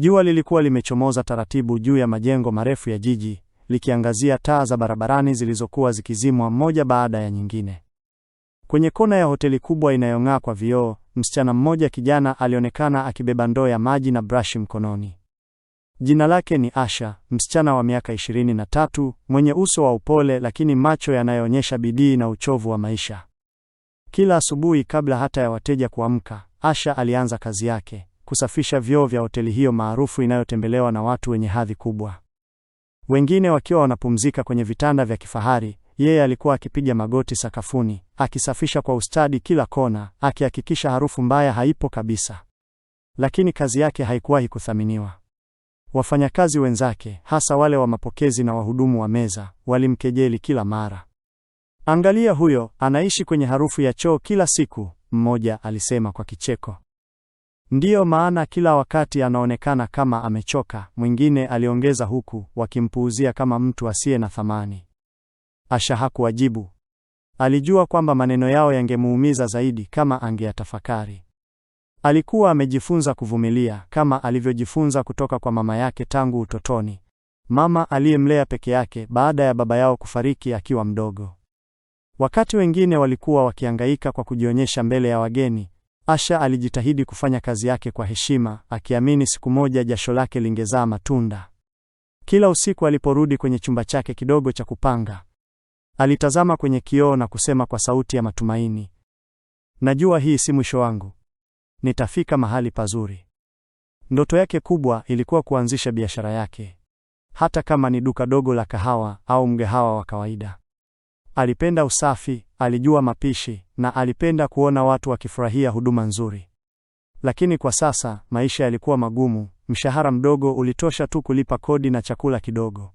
Jua lilikuwa limechomoza taratibu juu ya majengo marefu ya jiji, likiangazia taa za barabarani zilizokuwa zikizimwa moja baada ya nyingine. Kwenye kona ya hoteli kubwa inayong'aa kwa vioo, msichana mmoja kijana alionekana akibeba ndoo ya maji na brashi mkononi. Jina lake ni Asha, msichana wa miaka ishirini na tatu, mwenye uso wa upole lakini macho yanayoonyesha bidii na uchovu wa maisha. Kila asubuhi kabla hata ya wateja kuamka, Asha alianza kazi yake kusafisha vyoo vya hoteli hiyo maarufu inayotembelewa na watu wenye hadhi kubwa. Wengine wakiwa wanapumzika kwenye vitanda vya kifahari, yeye alikuwa akipiga magoti sakafuni, akisafisha kwa ustadi kila kona, akihakikisha harufu mbaya haipo kabisa. Lakini kazi yake haikuwahi kuthaminiwa. Wafanyakazi wenzake, hasa wale wa mapokezi na wahudumu wa meza, walimkejeli kila mara. Angalia huyo, anaishi kwenye harufu ya choo kila siku, mmoja alisema kwa kicheko. Ndiyo maana kila wakati anaonekana kama amechoka, mwingine aliongeza huku wakimpuuzia kama mtu asiye na thamani. Asha hakuwajibu. Alijua kwamba maneno yao yangemuumiza zaidi kama angeyatafakari. Alikuwa amejifunza kuvumilia kama alivyojifunza kutoka kwa mama yake tangu utotoni, mama aliyemlea peke yake baada ya baba yao kufariki akiwa mdogo. Wakati wengine walikuwa wakiangaika kwa kujionyesha mbele ya wageni, Asha alijitahidi kufanya kazi yake kwa heshima, akiamini siku moja jasho lake lingezaa matunda. Kila usiku aliporudi kwenye chumba chake kidogo cha kupanga, alitazama kwenye kioo na kusema kwa sauti ya matumaini, najua hii si mwisho wangu, nitafika mahali pazuri. Ndoto yake kubwa ilikuwa kuanzisha biashara yake, hata kama ni duka dogo la kahawa au mgahawa wa kawaida. Alipenda usafi, alijua mapishi na alipenda kuona watu wakifurahia huduma nzuri. Lakini kwa sasa maisha yalikuwa magumu, mshahara mdogo ulitosha tu kulipa kodi na chakula kidogo.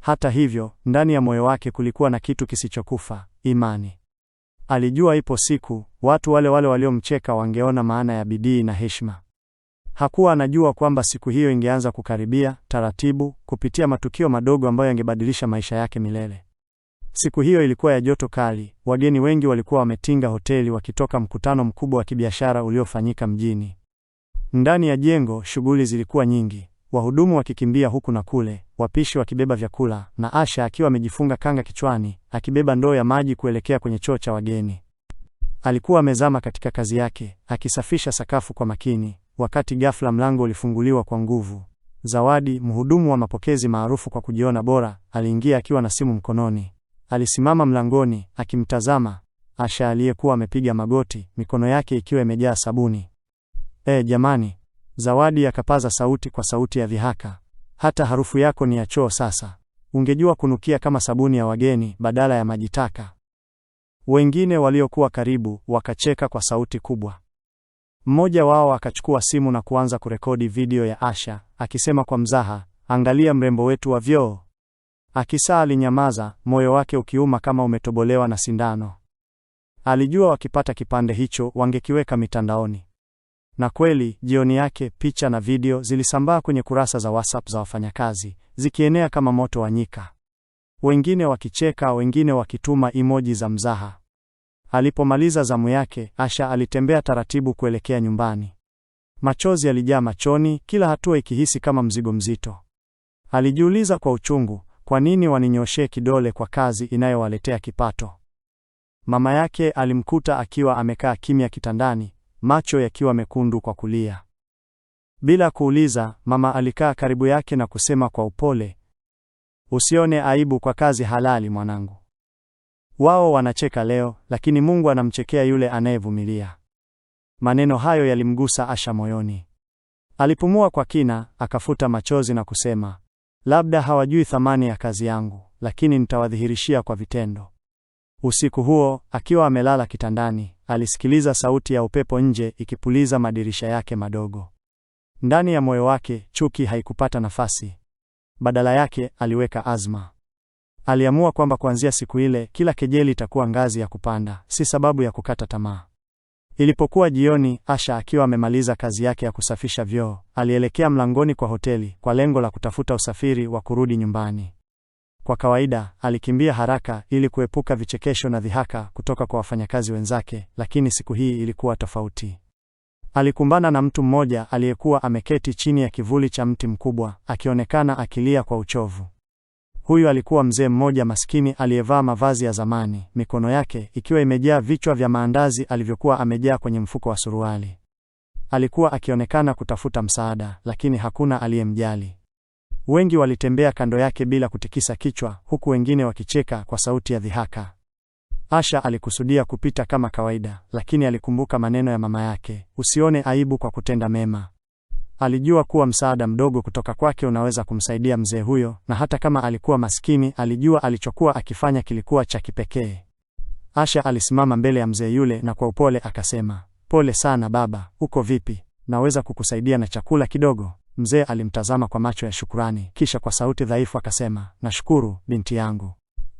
Hata hivyo, ndani ya moyo wake kulikuwa na kitu kisichokufa, imani. Alijua ipo siku watu wale wale waliomcheka wangeona maana ya bidii na heshima. Hakuwa anajua kwamba siku hiyo ingeanza kukaribia taratibu, kupitia matukio madogo ambayo yangebadilisha maisha yake milele. Siku hiyo ilikuwa ya joto kali. Wageni wengi walikuwa wametinga hoteli wakitoka mkutano mkubwa wa kibiashara uliofanyika mjini. Ndani ya jengo shughuli zilikuwa nyingi, wahudumu wakikimbia huku na kule, wapishi wakibeba vyakula, na Asha akiwa amejifunga kanga kichwani, akibeba ndoo ya maji kuelekea kwenye choo cha wageni. Alikuwa amezama katika kazi yake, akisafisha sakafu kwa makini, wakati ghafla mlango ulifunguliwa kwa nguvu. Zawadi, mhudumu wa mapokezi maarufu kwa kujiona bora, aliingia akiwa na simu mkononi. Alisimama mlangoni akimtazama Asha aliyekuwa amepiga magoti, mikono yake ikiwa imejaa sabuni. E, jamani! Zawadi akapaza sauti kwa sauti ya dhihaka, hata harufu yako ni ya choo sasa. Ungejua kunukia kama sabuni ya wageni badala ya majitaka. Wengine waliokuwa karibu wakacheka kwa sauti kubwa. Mmoja wao akachukua simu na kuanza kurekodi video ya Asha akisema kwa mzaha, angalia mrembo wetu wa vyoo. Akisa alinyamaza, moyo wake ukiuma kama umetobolewa na sindano. Alijua wakipata kipande hicho wangekiweka mitandaoni. Na kweli, jioni yake picha na video zilisambaa kwenye kurasa za WhatsApp za wafanyakazi, zikienea kama moto wa nyika. Wengine wakicheka, wengine wakituma emoji za mzaha. Alipomaliza zamu yake, Asha alitembea taratibu kuelekea nyumbani. Machozi yalijaa machoni, kila hatua ikihisi kama mzigo mzito. Alijiuliza kwa uchungu, kwa nini waninyoshee kidole kwa kazi inayowaletea kipato? Mama yake alimkuta akiwa amekaa kimya kitandani, macho yakiwa mekundu kwa kulia. Bila kuuliza, mama alikaa karibu yake na kusema kwa upole, usione aibu kwa kazi halali mwanangu. Wao wanacheka leo, lakini Mungu anamchekea yule anayevumilia. Maneno hayo yalimgusa Asha moyoni. Alipumua kwa kina, akafuta machozi na kusema, Labda hawajui thamani ya kazi yangu, lakini nitawadhihirishia kwa vitendo. Usiku huo akiwa amelala kitandani, alisikiliza sauti ya upepo nje ikipuliza madirisha yake madogo. Ndani ya moyo wake chuki haikupata nafasi. Badala yake aliweka azma. Aliamua kwamba kuanzia siku ile kila kejeli itakuwa ngazi ya kupanda, si sababu ya kukata tamaa. Ilipokuwa jioni, Asha akiwa amemaliza kazi yake ya kusafisha vyoo, alielekea mlangoni kwa hoteli kwa lengo la kutafuta usafiri wa kurudi nyumbani. Kwa kawaida, alikimbia haraka ili kuepuka vichekesho na dhihaka kutoka kwa wafanyakazi wenzake, lakini siku hii ilikuwa tofauti. Alikumbana na mtu mmoja aliyekuwa ameketi chini ya kivuli cha mti mkubwa, akionekana akilia kwa uchovu. Huyu alikuwa mzee mmoja maskini aliyevaa mavazi ya zamani, mikono yake ikiwa imejaa vichwa vya maandazi alivyokuwa amejaa kwenye mfuko wa suruali. Alikuwa akionekana kutafuta msaada, lakini hakuna aliyemjali. Wengi walitembea kando yake bila kutikisa kichwa, huku wengine wakicheka kwa sauti ya dhihaka. Asha alikusudia kupita kama kawaida, lakini alikumbuka maneno ya mama yake, usione aibu kwa kutenda mema. Alijua kuwa msaada mdogo kutoka kwake unaweza kumsaidia mzee huyo, na hata kama alikuwa maskini, alijua alichokuwa akifanya kilikuwa cha kipekee. Asha alisimama mbele ya mzee yule na kwa upole akasema, pole sana baba, uko vipi? Naweza kukusaidia na chakula kidogo? Mzee alimtazama kwa macho ya shukurani, kisha kwa sauti dhaifu akasema, nashukuru binti yangu,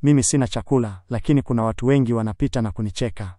mimi sina chakula, lakini kuna watu wengi wanapita na kunicheka.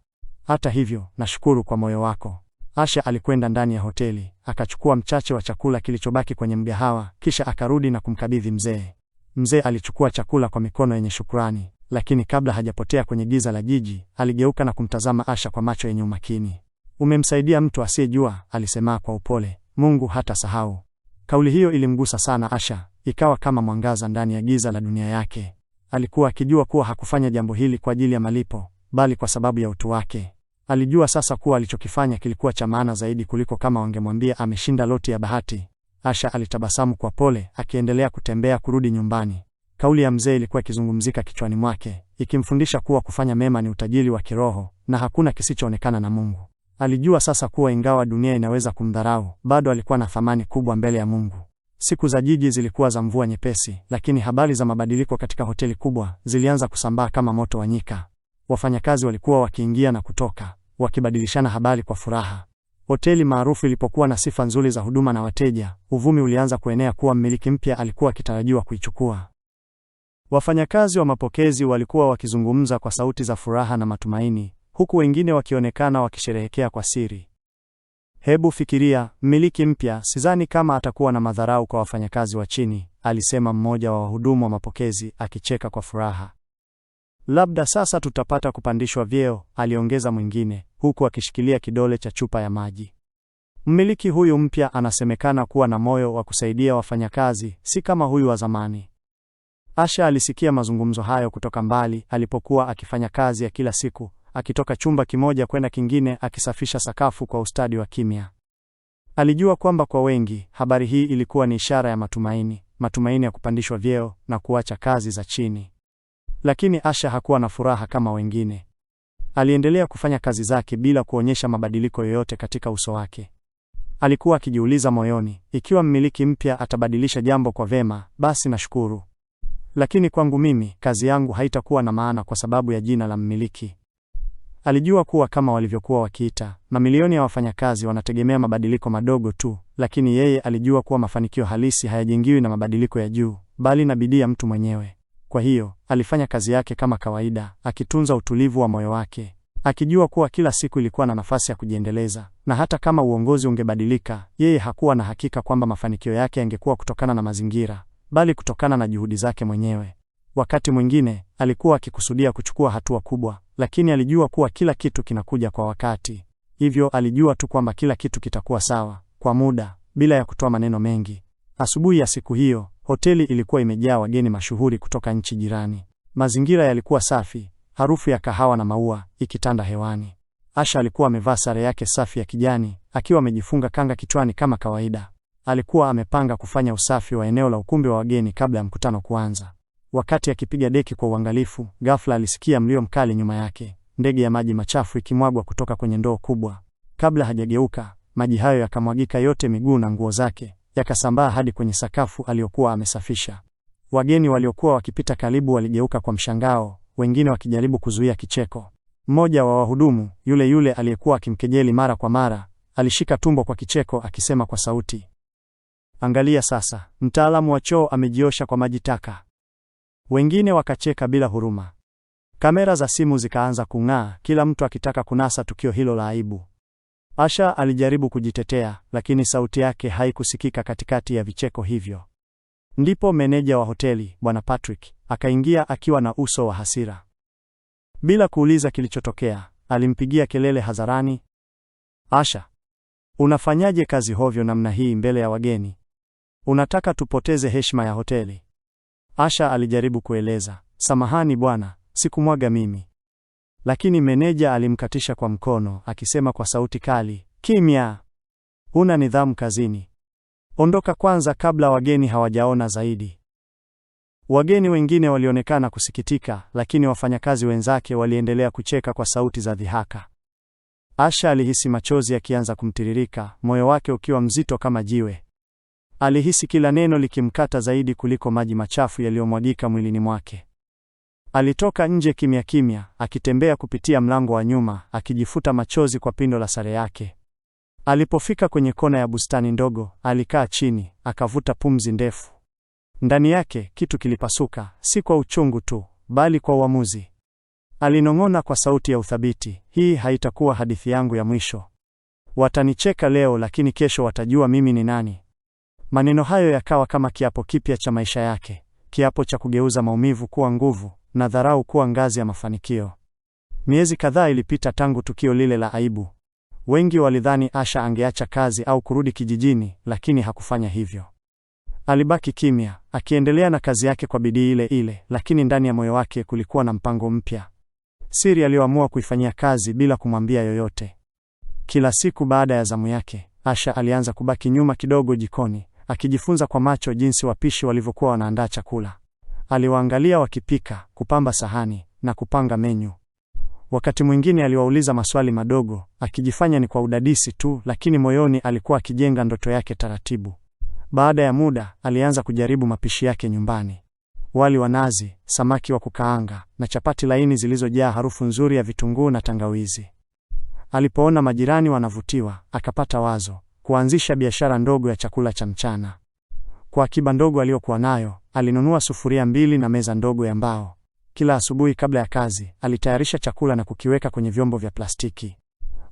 Hata hivyo, nashukuru kwa moyo wako. Asha alikwenda ndani ya hoteli akachukua mchache wa chakula kilichobaki kwenye mgahawa, kisha akarudi na kumkabidhi mzee. Mzee alichukua chakula kwa mikono yenye shukrani, lakini kabla hajapotea kwenye giza la jiji, aligeuka na kumtazama Asha kwa macho yenye umakini. Umemsaidia mtu asiyejua, alisema kwa upole. Mungu sahau. Kauli hiyo ilimgusa sana Asha, ikawa kama mwangaza ndani ya giza la dunia yake. Alikuwa akijua kuwa hakufanya jambo hili kwa ajili ya malipo, bali kwa sababu ya utu wake. Alijua sasa kuwa alichokifanya kilikuwa cha maana zaidi kuliko kama wangemwambia ameshinda loti ya bahati. Asha alitabasamu kwa pole, akiendelea kutembea kurudi nyumbani. Kauli ya mzee ilikuwa ikizungumzika kichwani mwake, ikimfundisha kuwa kufanya mema ni utajiri wa kiroho na hakuna kisichoonekana na Mungu. Alijua sasa kuwa ingawa dunia inaweza kumdharau, bado alikuwa na thamani kubwa mbele ya Mungu. Siku za jiji zilikuwa za mvua nyepesi, lakini habari za mabadiliko katika hoteli kubwa zilianza kusambaa kama moto wa nyika wafanyakazi walikuwa wakiingia na kutoka, wakibadilishana habari kwa furaha. Hoteli maarufu ilipokuwa na sifa nzuri za huduma na wateja, uvumi ulianza kuenea kuwa mmiliki mpya alikuwa akitarajiwa kuichukua. Wafanyakazi wa mapokezi walikuwa wakizungumza kwa sauti za furaha na matumaini, huku wengine wakionekana wakisherehekea kwa siri. Hebu fikiria, mmiliki mpya, sidhani kama atakuwa na madharau kwa wafanyakazi wa chini, alisema mmoja wa wahudumu wa mapokezi akicheka kwa furaha. Labda sasa tutapata kupandishwa vyeo, aliongeza mwingine, huku akishikilia kidole cha chupa ya maji. Mmiliki huyu mpya anasemekana kuwa na moyo wa kusaidia wafanyakazi, si kama huyu wa zamani. Asha alisikia mazungumzo hayo kutoka mbali alipokuwa akifanya kazi ya kila siku, akitoka chumba kimoja kwenda kingine, akisafisha sakafu kwa ustadi wa kimya. Alijua kwamba kwa wengi habari hii ilikuwa ni ishara ya matumaini, matumaini ya kupandishwa vyeo na kuacha kazi za chini. Lakini Asha hakuwa na furaha kama wengine. Aliendelea kufanya kazi zake bila kuonyesha mabadiliko yoyote katika uso wake. Alikuwa akijiuliza moyoni, ikiwa mmiliki mpya atabadilisha jambo kwa vema, basi nashukuru. Lakini kwangu mimi, kazi yangu haitakuwa na maana kwa sababu ya jina la mmiliki. Alijua kuwa kama walivyokuwa wakiita, mamilioni ya wafanyakazi wanategemea mabadiliko madogo tu, lakini yeye alijua kuwa mafanikio halisi hayajengiwi na mabadiliko ya juu, bali na bidii ya mtu mwenyewe. Kwa hiyo alifanya kazi yake kama kawaida, akitunza utulivu wa moyo wake, akijua kuwa kila siku ilikuwa na nafasi ya kujiendeleza, na hata kama uongozi ungebadilika, yeye hakuwa na hakika kwamba mafanikio yake yangekuwa kutokana na mazingira, bali kutokana na juhudi zake mwenyewe. Wakati mwingine alikuwa akikusudia kuchukua hatua kubwa, lakini alijua kuwa kila kitu kinakuja kwa wakati. Hivyo alijua tu kwamba kila kitu kitakuwa sawa kwa muda, bila ya kutoa maneno mengi. Asubuhi ya siku hiyo Hoteli ilikuwa imejaa wageni mashuhuri kutoka nchi jirani. Mazingira yalikuwa safi, harufu ya kahawa na maua ikitanda hewani. Asha alikuwa amevaa sare yake safi ya kijani, akiwa amejifunga kanga kichwani kama kawaida. Alikuwa amepanga kufanya usafi wa eneo la ukumbi wa wageni kabla ya mkutano kuanza. Wakati akipiga deki kwa uangalifu, ghafla alisikia mlio mkali nyuma yake, ndege ya maji machafu ikimwagwa kutoka kwenye ndoo kubwa. Kabla hajageuka, maji hayo yakamwagika yote miguu na nguo zake, yakasambaa hadi kwenye sakafu aliyokuwa amesafisha. Wageni waliokuwa wakipita karibu waligeuka kwa mshangao, wengine wakijaribu kuzuia kicheko. Mmoja wa wahudumu, yule yule aliyekuwa akimkejeli mara kwa mara, alishika tumbo kwa kicheko akisema kwa sauti, angalia sasa, mtaalamu wa choo amejiosha kwa maji taka. Wengine wakacheka bila huruma. Kamera za simu zikaanza kung'aa, kila mtu akitaka kunasa tukio hilo la aibu. Asha alijaribu kujitetea, lakini sauti yake haikusikika katikati ya vicheko hivyo. Ndipo meneja wa hoteli Bwana Patrick akaingia akiwa na uso wa hasira. Bila kuuliza kilichotokea, alimpigia kelele hadharani, Asha, unafanyaje kazi hovyo namna hii mbele ya wageni? Unataka tupoteze heshima ya hoteli? Asha alijaribu kueleza, samahani bwana, sikumwaga mimi lakini meneja alimkatisha kwa mkono akisema kwa sauti kali, kimya, huna nidhamu kazini, ondoka kwanza kabla wageni hawajaona zaidi. Wageni wengine walionekana kusikitika, lakini wafanyakazi wenzake waliendelea kucheka kwa sauti za dhihaka. Asha alihisi machozi yakianza kumtiririka, moyo wake ukiwa mzito kama jiwe. Alihisi kila neno likimkata zaidi kuliko maji machafu yaliyomwagika mwilini mwake. Alitoka nje kimya kimya, akitembea kupitia mlango wa nyuma, akijifuta machozi kwa pindo la sare yake. Alipofika kwenye kona ya bustani ndogo, alikaa chini, akavuta pumzi ndefu. Ndani yake kitu kilipasuka, si kwa uchungu tu, bali kwa uamuzi. Alinong'ona kwa sauti ya uthabiti, hii haitakuwa hadithi yangu ya mwisho. Watanicheka leo, lakini kesho watajua mimi ni nani. Maneno hayo yakawa kama kiapo kipya cha maisha yake, kiapo cha kugeuza maumivu kuwa nguvu, na dharau kuwa ngazi ya mafanikio. Miezi kadhaa ilipita tangu tukio lile la aibu. Wengi walidhani Asha angeacha kazi au kurudi kijijini, lakini hakufanya hivyo. Alibaki kimya, akiendelea na kazi yake kwa bidii ile ile, lakini ndani ya moyo wake kulikuwa na mpango mpya. Siri aliyoamua kuifanyia kazi bila kumwambia yoyote. Kila siku baada ya zamu yake, Asha alianza kubaki nyuma kidogo jikoni, akijifunza kwa macho jinsi wapishi walivyokuwa wanaandaa chakula. Aliwaangalia wakipika, kupamba sahani na kupanga menyu. Wakati mwingine aliwauliza maswali madogo, akijifanya ni kwa udadisi tu, lakini moyoni alikuwa akijenga ndoto yake taratibu. Baada ya muda, alianza kujaribu mapishi yake nyumbani: wali wa nazi, samaki wa kukaanga na chapati laini zilizojaa harufu nzuri ya vitunguu na tangawizi. Alipoona majirani wanavutiwa, akapata wazo kuanzisha biashara ndogo ya chakula cha mchana. Kwa akiba ndogo aliyokuwa nayo, Alinunua sufuria mbili na meza ndogo ya mbao. Kila asubuhi kabla ya kazi, alitayarisha chakula na kukiweka kwenye vyombo vya plastiki.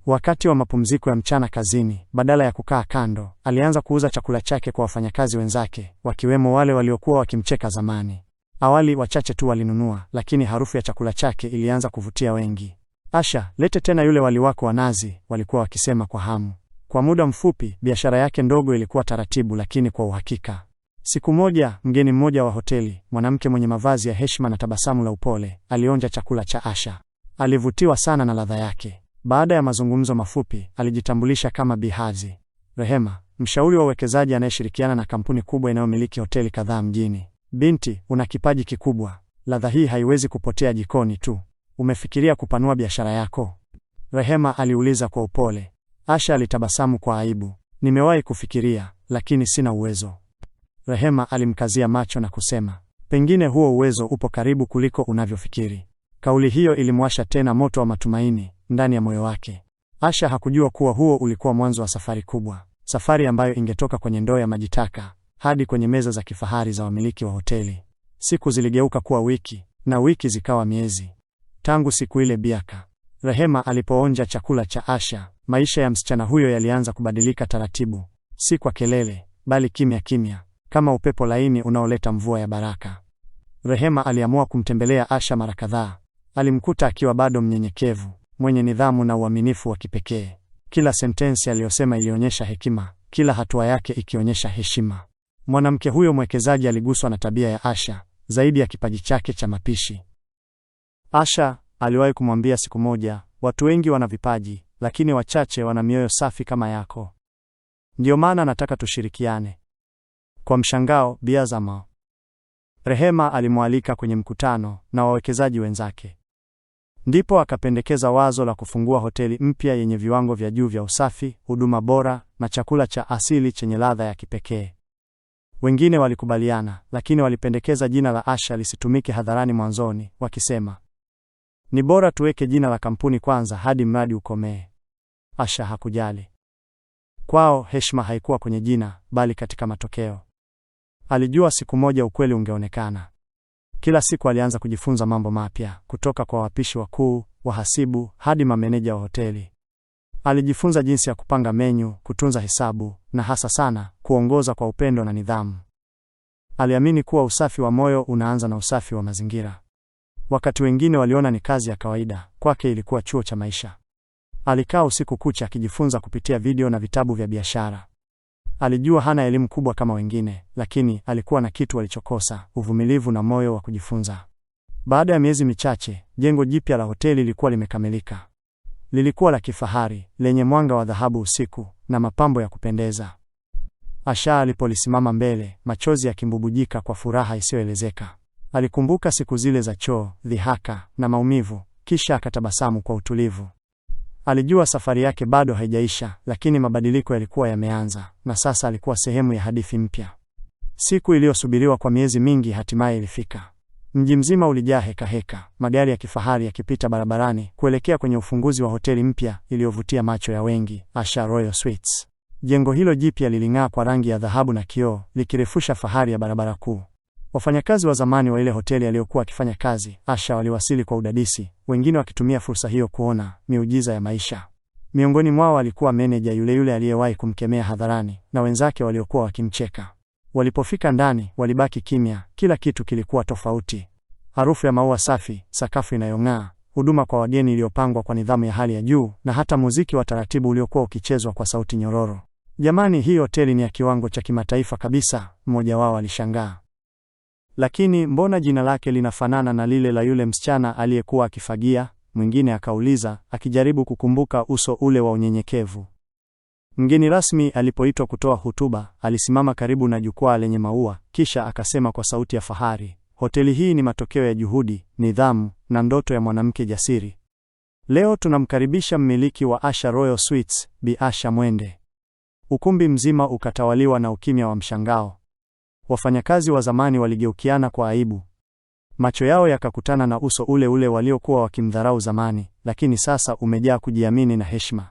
Wakati wa mapumziko ya mchana kazini, badala ya kukaa kando, alianza kuuza chakula chake kwa wafanyakazi wenzake, wakiwemo wale waliokuwa wakimcheka zamani. Awali wachache tu walinunua, lakini harufu ya chakula chake ilianza kuvutia wengi. Asha, lete tena yule wali wako wa nazi, walikuwa wakisema kwa hamu. Kwa muda mfupi, biashara yake ndogo ilikuwa taratibu lakini kwa uhakika. Siku moja mgeni mmoja wa hoteli, mwanamke mwenye mavazi ya heshima na tabasamu la upole, alionja chakula cha Asha. Alivutiwa sana na ladha yake. Baada ya mazungumzo mafupi, alijitambulisha kama Bihazi Rehema, mshauri wa uwekezaji anayeshirikiana na kampuni kubwa inayomiliki hoteli kadhaa mjini. Binti, una kipaji kikubwa, ladha hii haiwezi kupotea jikoni tu. Umefikiria kupanua biashara yako? Rehema aliuliza kwa upole. Asha alitabasamu kwa aibu. Nimewahi kufikiria, lakini sina uwezo Rehema alimkazia macho na kusema, pengine huo uwezo upo karibu kuliko unavyofikiri. Kauli hiyo ilimwasha tena moto wa matumaini ndani ya moyo wake. Asha hakujua kuwa huo ulikuwa mwanzo wa safari kubwa, safari ambayo ingetoka kwenye ndoo ya majitaka hadi kwenye meza za kifahari za wamiliki wa hoteli. Siku ziligeuka kuwa wiki na wiki zikawa miezi. Tangu siku ile Biaka Rehema alipoonja chakula cha Asha, maisha ya msichana huyo yalianza kubadilika taratibu, si kwa kelele, bali kimya kimya kama upepo laini unaoleta mvua ya baraka. Rehema aliamua kumtembelea Asha mara kadhaa. Alimkuta akiwa bado mnyenyekevu, mwenye nidhamu na uaminifu wa kipekee. Kila sentensi aliyosema ilionyesha hekima, kila hatua yake ikionyesha heshima. Mwanamke huyo mwekezaji aliguswa na tabia ya Asha zaidi ya kipaji chake cha mapishi. Asha aliwahi kumwambia siku moja, watu wengi wana vipaji, lakini wachache wana mioyo safi kama yako. Ndio maana nataka tushirikiane. Kwa mshangao, Bi Azama Rehema alimwalika kwenye mkutano na wawekezaji wenzake. Ndipo akapendekeza wazo la kufungua hoteli mpya yenye viwango vya juu vya usafi, huduma bora na chakula cha asili chenye ladha ya kipekee. Wengine walikubaliana, lakini walipendekeza jina la Asha lisitumike hadharani mwanzoni, wakisema ni bora tuweke jina la kampuni kwanza hadi mradi ukomee. Asha hakujali. Kwao heshima haikuwa kwenye jina, bali katika matokeo. Alijua siku moja ukweli ungeonekana. Kila siku alianza kujifunza mambo mapya kutoka kwa wapishi wakuu, wahasibu hadi mameneja wa hoteli. Alijifunza jinsi ya kupanga menyu, kutunza hesabu na hasa sana kuongoza kwa upendo na nidhamu. Aliamini kuwa usafi wa moyo unaanza na usafi wa mazingira. Wakati wengine waliona ni kazi ya kawaida, kwake ilikuwa chuo cha maisha. Alikaa usiku kucha akijifunza kupitia video na vitabu vya biashara. Alijua hana elimu kubwa kama wengine, lakini alikuwa na kitu alichokosa: uvumilivu na moyo wa kujifunza. Baada ya miezi michache, jengo jipya la hoteli lilikuwa limekamilika. Lilikuwa la kifahari, lenye mwanga wa dhahabu usiku na mapambo ya kupendeza. Asha alipolisimama mbele, machozi yakimbubujika kwa furaha isiyoelezeka. Alikumbuka siku zile za choo, dhihaka na maumivu, kisha akatabasamu kwa utulivu. Alijua safari yake bado haijaisha, lakini mabadiliko yalikuwa yameanza, na sasa alikuwa sehemu ya hadithi mpya. Siku iliyosubiriwa kwa miezi mingi hatimaye ilifika. Mji mzima ulijaa hekaheka, magari ya kifahari yakipita barabarani kuelekea kwenye ufunguzi wa hoteli mpya iliyovutia macho ya wengi, Asha Royal Suites. Jengo hilo jipya liling'aa kwa rangi ya dhahabu na kioo, likirefusha fahari ya barabara kuu. Wafanyakazi wa zamani wa ile hoteli aliyokuwa akifanya kazi Asha waliwasili kwa udadisi, wengine wakitumia fursa hiyo kuona miujiza ya maisha. Miongoni mwao alikuwa meneja yule yule aliyewahi kumkemea hadharani na wenzake waliokuwa wakimcheka. Walipofika ndani, walibaki kimya. Kila kitu kilikuwa tofauti: harufu ya maua safi, sakafu inayong'aa, huduma kwa wageni iliyopangwa kwa nidhamu ya hali ya juu, na hata muziki wa taratibu uliokuwa ukichezwa kwa sauti nyororo. Jamani, hii hoteli ni ya kiwango cha kimataifa kabisa, mmoja wao alishangaa. Lakini mbona jina lake linafanana na lile la yule msichana aliyekuwa akifagia? Mwingine akauliza, akijaribu kukumbuka uso ule wa unyenyekevu. Mgeni rasmi alipoitwa kutoa hutuba, alisimama karibu na jukwaa lenye maua, kisha akasema kwa sauti ya fahari, hoteli hii ni matokeo ya juhudi, nidhamu na ndoto ya mwanamke jasiri. Leo tunamkaribisha mmiliki wa Asha Royal Suites, Bi Asha Mwende. Ukumbi mzima ukatawaliwa na ukimya wa mshangao wafanyakazi wa zamani waligeukiana kwa aibu. Macho yao yakakutana na uso ule ule waliokuwa wakimdharau zamani, lakini sasa umejaa kujiamini na heshima.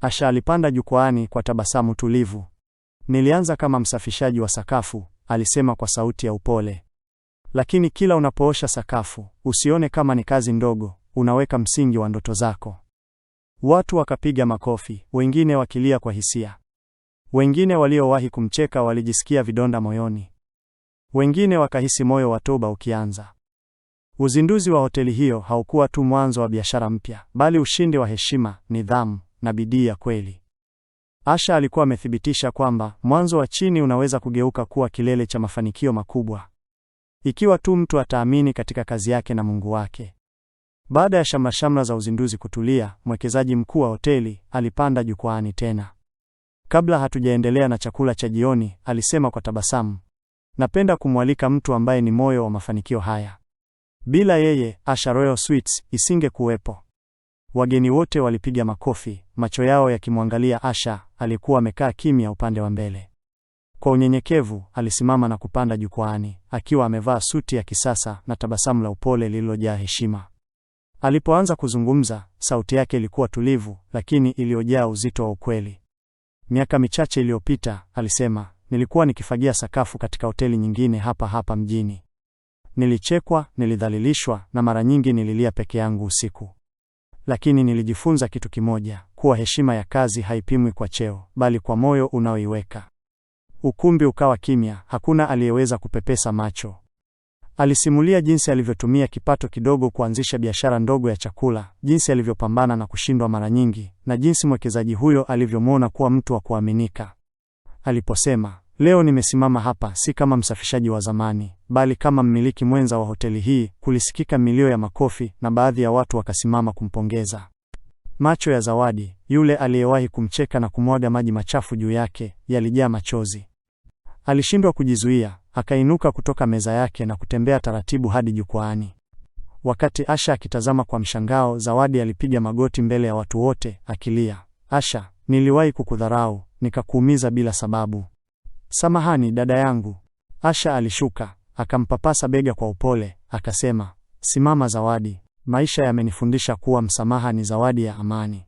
Asha alipanda jukwaani kwa tabasamu tulivu. Nilianza kama msafishaji wa sakafu, alisema kwa sauti ya upole. Lakini kila unapoosha sakafu, usione kama ni kazi ndogo, unaweka msingi wa ndoto zako. Watu wakapiga makofi, wengine wakilia kwa hisia. Wengine waliowahi kumcheka walijisikia vidonda moyoni, wengine wakahisi moyo wa toba ukianza. Uzinduzi wa hoteli hiyo haukuwa tu mwanzo wa biashara mpya, bali ushindi wa heshima, nidhamu na bidii ya kweli. Asha alikuwa amethibitisha kwamba mwanzo wa chini unaweza kugeuka kuwa kilele cha mafanikio makubwa, ikiwa tu mtu ataamini katika kazi yake na Mungu wake. Baada ya shamrashamra za uzinduzi kutulia, mwekezaji mkuu wa hoteli alipanda jukwaani tena. Kabla hatujaendelea na chakula cha jioni, alisema kwa tabasamu, napenda kumwalika mtu ambaye ni moyo wa mafanikio haya. Bila yeye Asha Royal Sweets isingekuwepo. Wageni wote walipiga makofi, macho yao yakimwangalia Asha aliyekuwa amekaa kimya upande wa mbele. Kwa unyenyekevu alisimama na kupanda jukwaani akiwa amevaa suti ya kisasa na tabasamu la upole lililojaa heshima. Alipoanza kuzungumza, sauti yake ilikuwa tulivu, lakini iliyojaa uzito wa ukweli. Miaka michache iliyopita, alisema, nilikuwa nikifagia sakafu katika hoteli nyingine hapa hapa mjini. Nilichekwa, nilidhalilishwa na mara nyingi nililia peke yangu usiku. Lakini nilijifunza kitu kimoja, kuwa heshima ya kazi haipimwi kwa cheo, bali kwa moyo unaoiweka. Ukumbi ukawa kimya, hakuna aliyeweza kupepesa macho. Alisimulia jinsi alivyotumia kipato kidogo kuanzisha biashara ndogo ya chakula, jinsi alivyopambana na kushindwa mara nyingi, na jinsi mwekezaji huyo alivyomwona kuwa mtu wa kuaminika. Aliposema, leo nimesimama hapa si kama msafishaji wa zamani, bali kama mmiliki mwenza wa hoteli hii, kulisikika milio ya makofi na baadhi ya watu wakasimama kumpongeza. Macho ya Zawadi, yule aliyewahi kumcheka na kumwaga maji machafu juu yake, yalijaa machozi. Alishindwa kujizuia. Akainuka kutoka meza yake na kutembea taratibu hadi jukwaani. Wakati Asha akitazama kwa mshangao, Zawadi alipiga magoti mbele ya watu wote akilia, "Asha, niliwahi kukudharau, nikakuumiza bila sababu. Samahani dada yangu." Asha alishuka, akampapasa bega kwa upole, akasema, "Simama Zawadi, maisha yamenifundisha kuwa msamaha ni zawadi ya amani."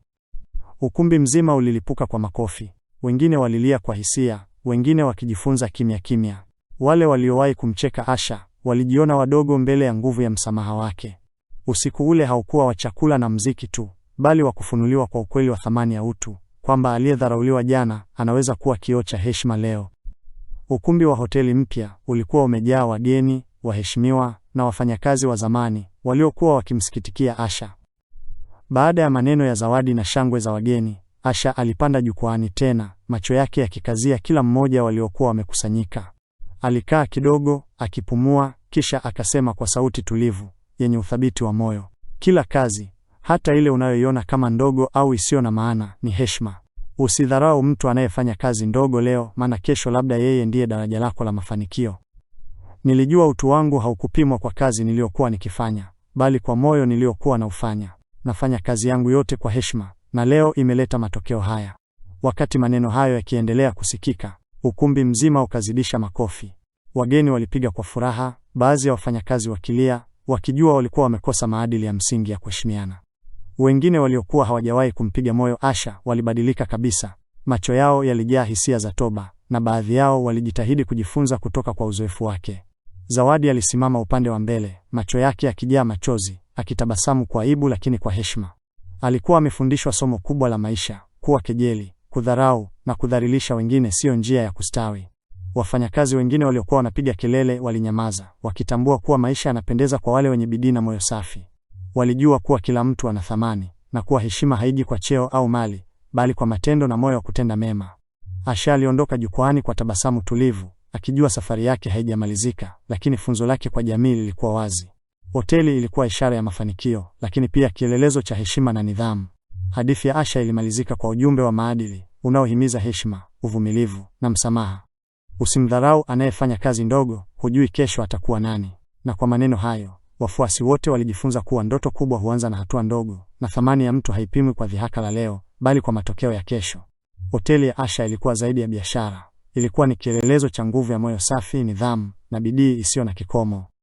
Ukumbi mzima ulilipuka kwa makofi. Wengine walilia kwa hisia, wengine wakijifunza kimya kimya. Wale waliowahi kumcheka Asha walijiona wadogo mbele ya nguvu ya msamaha wake. Usiku ule haukuwa wa chakula na mziki tu, bali wa kufunuliwa kwa ukweli wa thamani ya utu, kwamba aliyedharauliwa jana anaweza kuwa kioo cha heshima leo. Ukumbi wa hoteli mpya ulikuwa umejaa wageni, waheshimiwa na wafanyakazi wa zamani waliokuwa wakimsikitikia Asha. Baada ya maneno ya zawadi na shangwe za wageni, Asha alipanda jukwaani tena, macho yake yakikazia kila mmoja waliokuwa wamekusanyika. Alikaa kidogo akipumua, kisha akasema kwa sauti tulivu yenye uthabiti wa moyo, kila kazi, hata ile unayoiona kama ndogo au isiyo na maana, ni heshima. Usidharau mtu anayefanya kazi ndogo leo, maana kesho labda yeye ndiye daraja lako la mafanikio. Nilijua utu wangu haukupimwa kwa kazi niliyokuwa nikifanya, bali kwa moyo niliyokuwa naufanya. Nafanya kazi yangu yote kwa heshima, na leo imeleta matokeo haya. Wakati maneno hayo yakiendelea kusikika Ukumbi mzima ukazidisha makofi. Wageni walipiga kwa furaha, baadhi ya wafanyakazi wakilia, wakijua walikuwa wamekosa maadili ya msingi ya kuheshimiana. Wengine waliokuwa hawajawahi kumpiga moyo Asha walibadilika kabisa, macho yao yalijaa hisia za toba, na baadhi yao walijitahidi kujifunza kutoka kwa uzoefu wake. Zawadi alisimama upande wa mbele, macho yake akijaa machozi, akitabasamu kwa aibu lakini kwa heshima. Alikuwa amefundishwa somo kubwa la maisha: kuwa kejeli, Kudharau na kudhalilisha wengine siyo njia ya kustawi. Wafanyakazi wengine waliokuwa wanapiga kelele walinyamaza, wakitambua kuwa maisha yanapendeza kwa wale wenye bidii na moyo safi. Walijua kuwa kila mtu ana thamani na kuwa heshima haiji kwa cheo au mali, bali kwa matendo na moyo wa kutenda mema. Asha aliondoka jukwani kwa tabasamu tulivu, akijua safari yake haijamalizika, lakini funzo lake kwa jamii lilikuwa wazi. Hoteli ilikuwa ishara ya mafanikio, lakini pia kielelezo cha heshima na nidhamu. Hadithi ya Asha ilimalizika kwa ujumbe wa maadili unaohimiza heshima, uvumilivu na msamaha. Usimdharau anayefanya kazi ndogo, hujui kesho atakuwa nani. Na kwa maneno hayo, wafuasi wote walijifunza kuwa ndoto kubwa huanza na hatua ndogo, na thamani ya mtu haipimwi kwa dhihaka la leo, bali kwa matokeo ya kesho. Hoteli ya Asha ilikuwa zaidi ya biashara. Ilikuwa ni kielelezo cha nguvu ya moyo safi, nidhamu na bidii isiyo na kikomo.